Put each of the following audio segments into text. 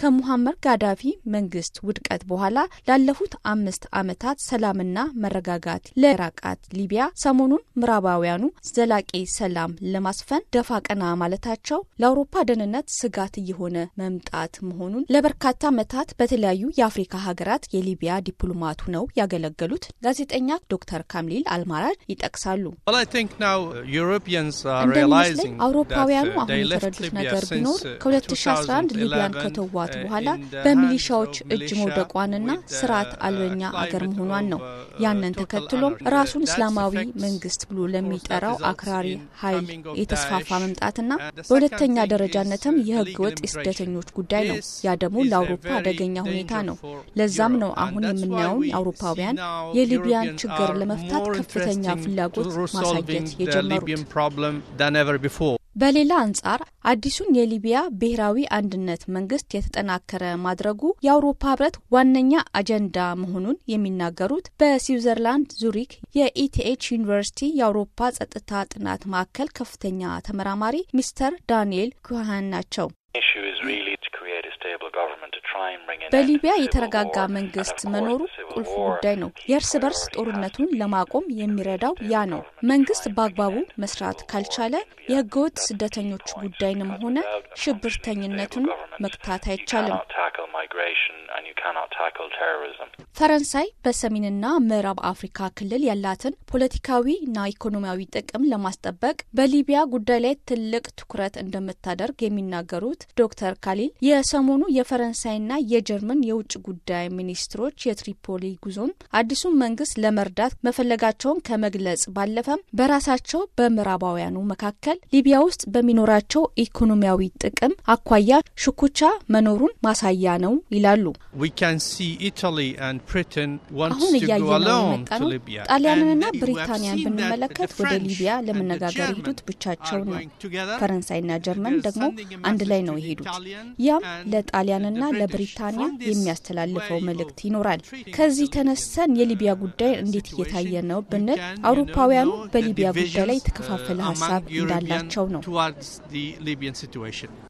ከሙሐመር ጋዳፊ መንግስት ውድቀት በኋላ ላለፉት አምስት ዓመታት ሰላምና መረጋጋት ለራቃት ሊቢያ ሰሞኑን ምዕራባውያኑ ዘላቂ ሰላም ለማስፈን ደፋ ቀና ማለታቸው ለአውሮፓ ደህንነት ስጋት እየሆነ መምጣት መሆኑን ለበርካታ ዓመታት በተለያዩ የአፍሪካ ሀገራት የሊቢያ ዲፕሎማት ነው ያገለገሉት ጋዜጠኛ ዶክተር ካምሊል አልማራጅ ይጠቅሳሉ። እንደሚመስለኝ አውሮፓውያኑ uh, አሁን የተረዱት ነገር ቢኖር uh, ከ2011 ሊቢያን ከተዋ ከመግባት በኋላ በሚሊሻዎች እጅ መውደቋንና uh, ስርዓት አልበኛ uh, አገር መሆኗን ነው። uh, ያንን ተከትሎም ራሱን እስላማዊ መንግስት ብሎ ለሚጠራው አክራሪ ኃይል የተስፋፋ መምጣትና በሁለተኛ ደረጃነትም የህገ ወጥ የስደተኞች ጉዳይ ነው። ያ ደግሞ ለአውሮፓ አደገኛ ሁኔታ ነው። ለዛም ነው አሁን የምናየውን አውሮፓውያን የሊቢያን ችግር ለመፍታት ከፍተኛ ፍላጎት ማሳየት የጀመሩት። በሌላ አንጻር አዲሱን የሊቢያ ብሔራዊ አንድነት መንግስት የተጠናከረ ማድረጉ የአውሮፓ ህብረት ዋነኛ አጀንዳ መሆኑን የሚናገሩት በስዊዘርላንድ ዙሪክ የኢቲኤች ዩኒቨርሲቲ የአውሮፓ ጸጥታ ጥናት ማዕከል ከፍተኛ ተመራማሪ ሚስተር ዳንኤል ኩሃን ናቸው። በሊቢያ የተረጋጋ መንግስት መኖሩ ቁልፍ ጉዳይ ነው። የእርስ በርስ ጦርነቱን ለማቆም የሚረዳው ያ ነው። መንግስት በአግባቡ መስራት ካልቻለ የህገወጥ ስደተኞች ጉዳይንም ሆነ ሽብርተኝነቱን መግታት አይቻልም። ፈረንሳይ በሰሜንና ምዕራብ አፍሪካ ክልል ያላትን ፖለቲካዊና ኢኮኖሚያዊ ጥቅም ለማስጠበቅ በሊቢያ ጉዳይ ላይ ትልቅ ትኩረት እንደምታደርግ የሚናገሩት ዶክተር ካሊል የሰሞኑ የፈረንሳይ የፈረንሳይና የጀርመን የውጭ ጉዳይ ሚኒስትሮች የትሪፖሊ ጉዞን አዲሱን መንግስት ለመርዳት መፈለጋቸውን ከመግለጽ ባለፈም በራሳቸው በምዕራባውያኑ መካከል ሊቢያ ውስጥ በሚኖራቸው ኢኮኖሚያዊ ጥቅም አኳያ ሽኩቻ መኖሩን ማሳያ ነው ይላሉ። አሁን እያየነው የመጣነው ጣሊያንንና ብሪታንያን ብንመለከት ወደ ሊቢያ ለመነጋገር የሄዱት ብቻቸውን ነው። ፈረንሳይና ጀርመን ደግሞ አንድ ላይ ነው የሄዱት። ያም ለጣሊያንና ለብ ብሪታንያ የሚያስተላልፈው መልእክት ይኖራል። ከዚህ ተነሰን የሊቢያ ጉዳይ እንዴት እየታየ ነው ብንል አውሮፓውያኑ በሊቢያ ጉዳይ ላይ uh, የተከፋፈለ ሀሳብ እንዳላቸው ነው።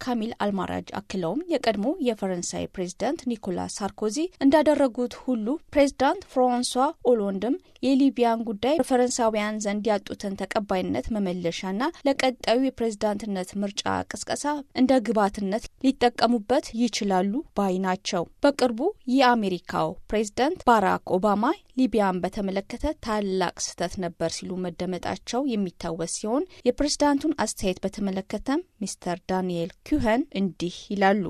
ካሚል አልማራጅ አክለውም የቀድሞ የፈረንሳይ ፕሬዚዳንት ኒኮላስ ሳርኮዚ እንዳደረጉት ሁሉ ፕሬዚዳንት ፍራንሷ ኦሎንድም የሊቢያን ጉዳይ በፈረንሳውያን ዘንድ ያጡትን ተቀባይነት መመለሻና ለቀጣዩ የፕሬዝዳንትነት ምርጫ ቅስቀሳ እንደ ግብዓትነት ሊጠቀሙበት ይችላሉ ባይ ናቸው። በቅርቡ የአሜሪካው ፕሬዝዳንት ባራክ ኦባማ ሊቢያን በተመለከተ ታላቅ ስህተት ነበር ሲሉ መደመጣቸው የሚታወስ ሲሆን የፕሬዝዳንቱን አስተያየት በተመለከተም ሚስተር ዳንኤል ኩኸን እንዲህ ይላሉ።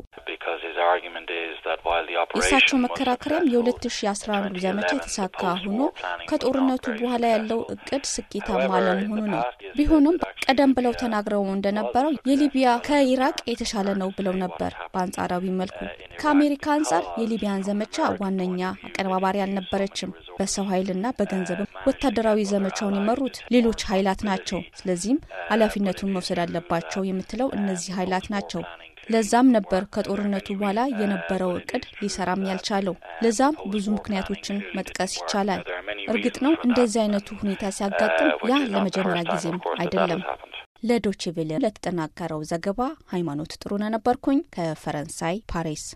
የእሳቸው መከራከሪያም የ2011 ዘመቻ የተሳካ ሆኖ ከጦርነቱ በኋላ ያለው እቅድ ስኬታማ አለመሆኑ ነው። ቢሆንም ቀደም ብለው ተናግረው እንደነበረው የሊቢያ ከኢራቅ የተሻለ ነው ብለው ነበር። በአንጻራዊ መልኩ ከአሜሪካ አንጻር የሊቢያን ዘመቻ ዋነኛ አቀነባባሪ አልነበረችም። በሰው ኃይልና በገንዘብም ወታደራዊ ዘመቻውን የመሩት ሌሎች ኃይላት ናቸው። ስለዚህም ኃላፊነቱን መውሰድ አለባቸው የምትለው እነዚህ ኃይላት ናቸው። ለዛም ነበር ከጦርነቱ በኋላ የነበረው እቅድ ሊሰራም ያልቻለው። ለዛም ብዙ ምክንያቶችን መጥቀስ ይቻላል። እርግጥ ነው እንደዚህ አይነቱ ሁኔታ ሲያጋጥም ያ ለመጀመሪያ ጊዜም አይደለም። ለዶቼ ለተጠናከረው ዘገባ ሃይማኖት ጥሩነ ነበርኩኝ ከፈረንሳይ ፓሪስ።